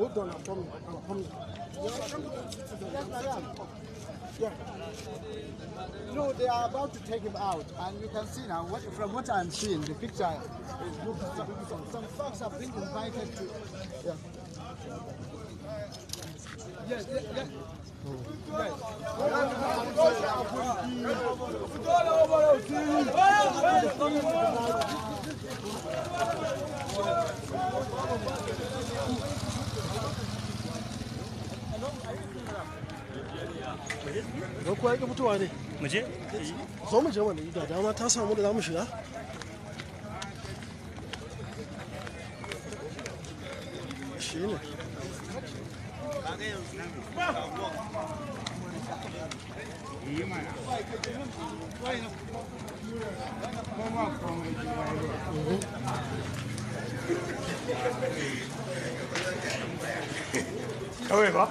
Move down and come. come. Yeah. No, they are about to take him out, and you can see now. What, from what I'm seeing, the picture is beautiful. Some folks have been invited to. Yeah. yes, yes. yes. don kuwa yake fitowa ne mu je zo mu je wani da dama ta samu da zamu shiga shi kawai ba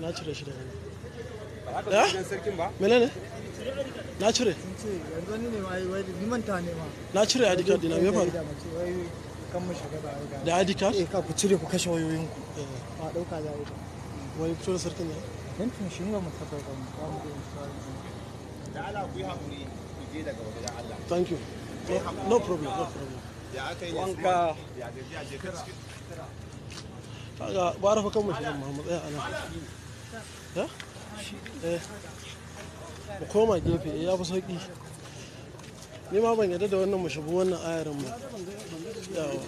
na cire shi daga na cire na cire id card dina da id card eh ka ku cire ku kashe wayoyin ku eh. a dauka za wai sarkin ne dan tun shi ga mu mu da Allah ku yi hakuri ku je daga wajen Allah thank you no problem no problem ya aka yi wanka ya je ya je kaga gwara kan mashi ana ya eh. koma gefe eh, ya fi sauki ni ma ban yadda da wannan mu wannan ayarin yawa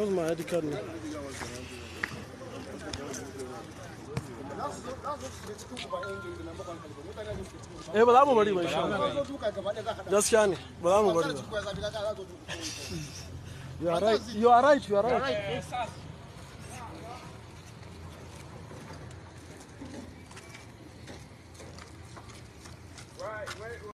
Olmaya dikkatli. Eh ba za mu bari ba insha Allah. Gaskiya ne, ba za mu bari You are right. You are right. You are right.